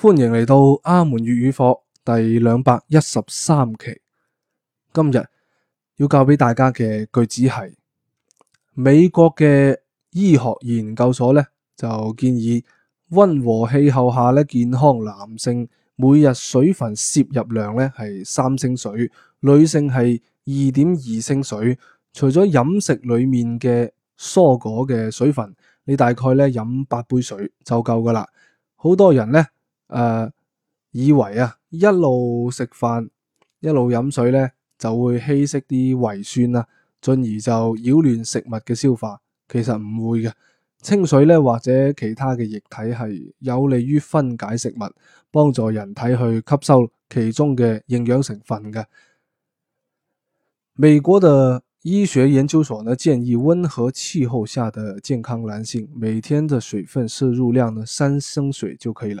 歡迎嚟到阿門粵語課第兩百一十三期。今日要教俾大家嘅句子係：美國嘅醫學研究所咧就建議，温和氣候下咧健康男性每日水分攝入量咧係三升水，女性係二點二升水。除咗飲食裏面嘅蔬果嘅水分，你大概咧飲八杯水就夠㗎喇。好多人咧。誒、uh, 以為啊，一路食飯一路飲水咧，就會稀釋啲胃酸啦、啊，進而就擾亂食物嘅消化。其實唔會嘅，清水咧或者其他嘅液體係有利於分解食物，幫助人體去吸收其中嘅營養成分嘅。美國的醫學研究所呢建議，溫和氣候下的健康男性，每天嘅水分攝入量呢三升水就可以喇。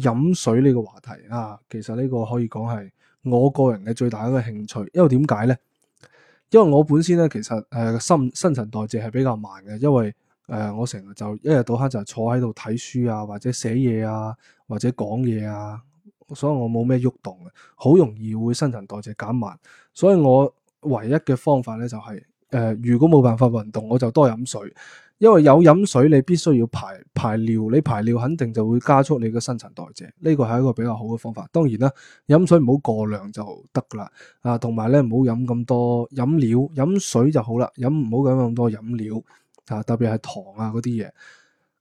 飲水呢個話題啊，其實呢個可以講係我個人嘅最大一個興趣，因為點解呢？因為我本身咧，其實誒，新新陳代謝係比較慢嘅，因為誒、呃，我成日就一日到黑就坐喺度睇書啊，或者寫嘢啊，或者講嘢啊，所以我冇咩喐動嘅，好容易會新陳代謝減慢，所以我唯一嘅方法咧就係、是。誒、呃，如果冇辦法運動，我就多飲水，因為有飲水，你必須要排排尿，你排尿肯定就會加速你嘅新陳代謝。呢個係一個比較好嘅方法。當然啦，飲水唔好過量就得㗎喇。啊，同埋咧，唔好飲咁多飲料，飲水就好啦。飲唔好飲咁多飲料啊，特別係糖啊嗰啲嘢。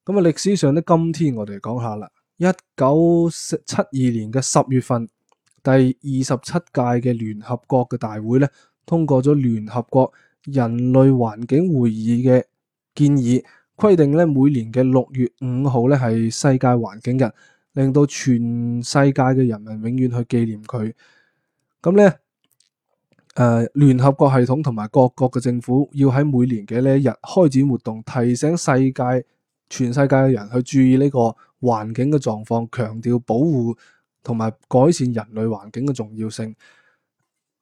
咁啊，歷史上的今天我講講，我哋講下啦。一九七二年嘅十月份，第二十七屆嘅聯合國嘅大會咧，通過咗聯合國人類環境會議嘅建議規定咧，每年嘅六月五號咧係世界環境日，令到全世界嘅人民永遠去紀念佢。咁咧，誒、呃，聯合國系統同埋各國嘅政府要喺每年嘅呢一日開展活動，提醒世界、全世界嘅人去注意呢個環境嘅狀況，強調保護同埋改善人類環境嘅重要性。誒、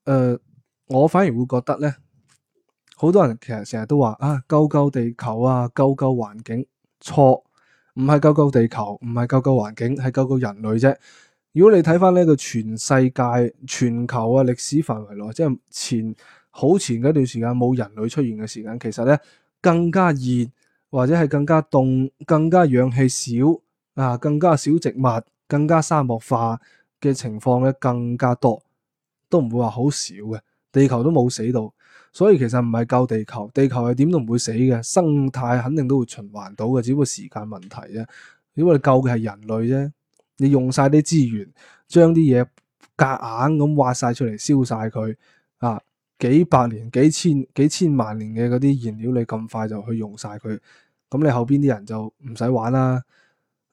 呃，我反而會覺得咧。好多人其實成日都話啊，救救地球啊，救救環境。錯，唔係救救地球，唔係救救環境，係救救人類啫。如果你睇翻，呢個全世界全球啊歷史範圍內，即係前好前嗰段時間冇人類出現嘅時間，其實咧更加熱或者係更加凍、更加氧氣少啊、更加少植物、更加沙漠化嘅情況咧更加多，都唔會話好少嘅，地球都冇死到。所以其實唔係救地球，地球係點都唔會死嘅，生態肯定都會循環到嘅，只不過時間問題啫。如果你救嘅係人類啫，你用晒啲資源，將啲嘢夾硬咁挖晒出嚟燒晒佢啊，幾百年、幾千、幾千萬年嘅嗰啲燃料，你咁快就去用晒佢，咁你後邊啲人就唔使玩啦。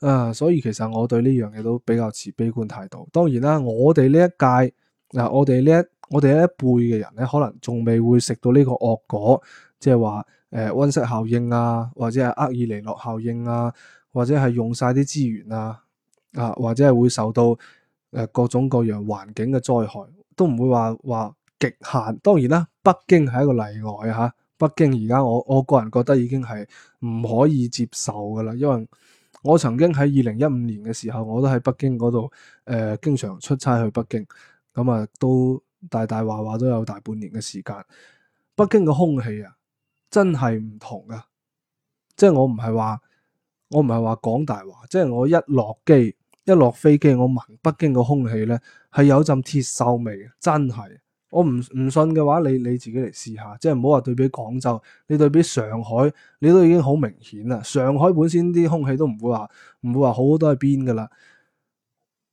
啊，所以其實我對呢樣嘢都比較持悲觀態度。當然啦，我哋呢一屆嗱，啊，我哋呢一。我哋一輩嘅人咧，可能仲未會食到呢個惡果，即係話誒溫室效應啊，或者係厄爾尼諾效應啊，或者係用晒啲資源啊，啊或者係會受到誒、呃、各種各樣環境嘅災害，都唔會話話極限。當然啦，北京係一個例外吓，北京而家，我我個人覺得已經係唔可以接受噶啦，因為我曾經喺二零一五年嘅時候，我都喺北京嗰度誒經常出差去北京，咁啊都。大大話話都有大半年嘅時間，北京嘅空氣啊，真係唔同啊！即係我唔係話，我唔係話講大話，即係我一落機，一落飛機，我聞北京嘅空氣咧，係有陣鐵鏽味嘅，真係。我唔唔信嘅話，你你自己嚟試下，即係唔好話對比廣州，你對比上海，你都已經好明顯啦。上海本身啲空氣都唔會話，唔會話好都係邊噶啦。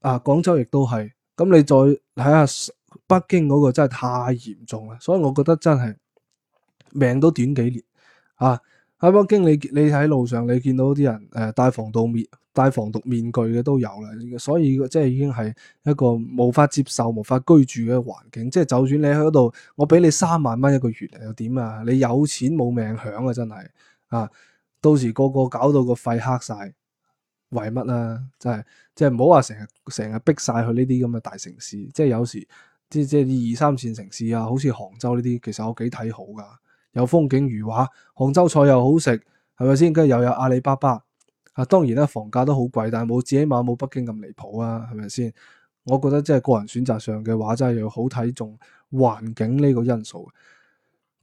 啊，廣州亦都係，咁你再睇下。北京嗰個真係太嚴重啦，所以我覺得真係命都短幾年啊！喺北京你你喺路上你見到啲人誒、呃、戴防毒面戴防毒面具嘅都有啦，所以即係已經係一個無法接受、無法居住嘅環境。即係就算你喺嗰度，我俾你三萬蚊一個月又點啊？你有錢冇命享啊！真係啊！到時個個搞到個肺黑晒，為乜啊？真係即係唔好話成日成日逼晒去呢啲咁嘅大城市，即係有時。即係二三線城市啊，好似杭州呢啲，其實我幾睇好㗎，有風景如畫，杭州菜又好食，係咪先？跟住又有阿里巴巴，啊當然啦，房價都好貴，但係冇自至少冇北京咁離譜啊，係咪先？我覺得即係個人選擇上嘅話，真係又好睇重環境呢個因素。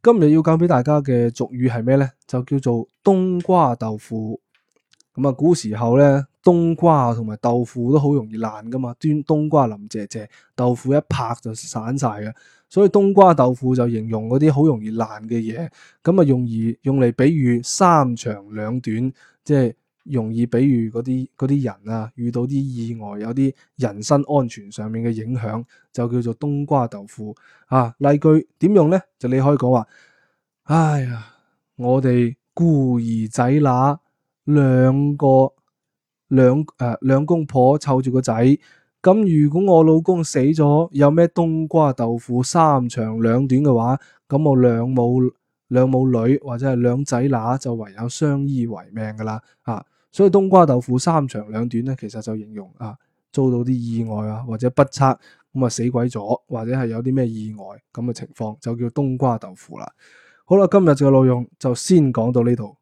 今日要教俾大家嘅俗語係咩呢？就叫做冬瓜豆腐。咁、嗯、啊，古時候呢。冬瓜同埋豆腐都好容易爛噶嘛，端冬，冬瓜淋姐姐，豆腐一拍就散晒嘅，所以冬瓜豆腐就形容嗰啲好容易爛嘅嘢，咁啊用而用嚟比喻三長兩短，即係容易比喻嗰啲啲人啊，遇到啲意外有啲人身安全上面嘅影響，就叫做冬瓜豆腐啊。例句點用咧？就你可以講話，哎呀，我哋孤兒仔乸兩個。兩誒、呃，兩公婆湊住個仔，咁如果我老公死咗，有咩冬瓜豆腐三長兩短嘅話，咁我兩母兩母女或者係兩仔乸就唯有相依為命噶啦，啊，所以冬瓜豆腐三長兩短咧，其實就形容啊遭到啲意外啊或者不測咁啊死鬼咗，或者係有啲咩意外咁嘅情況，就叫冬瓜豆腐啦。好啦，今日就嘅內容就先講到呢度。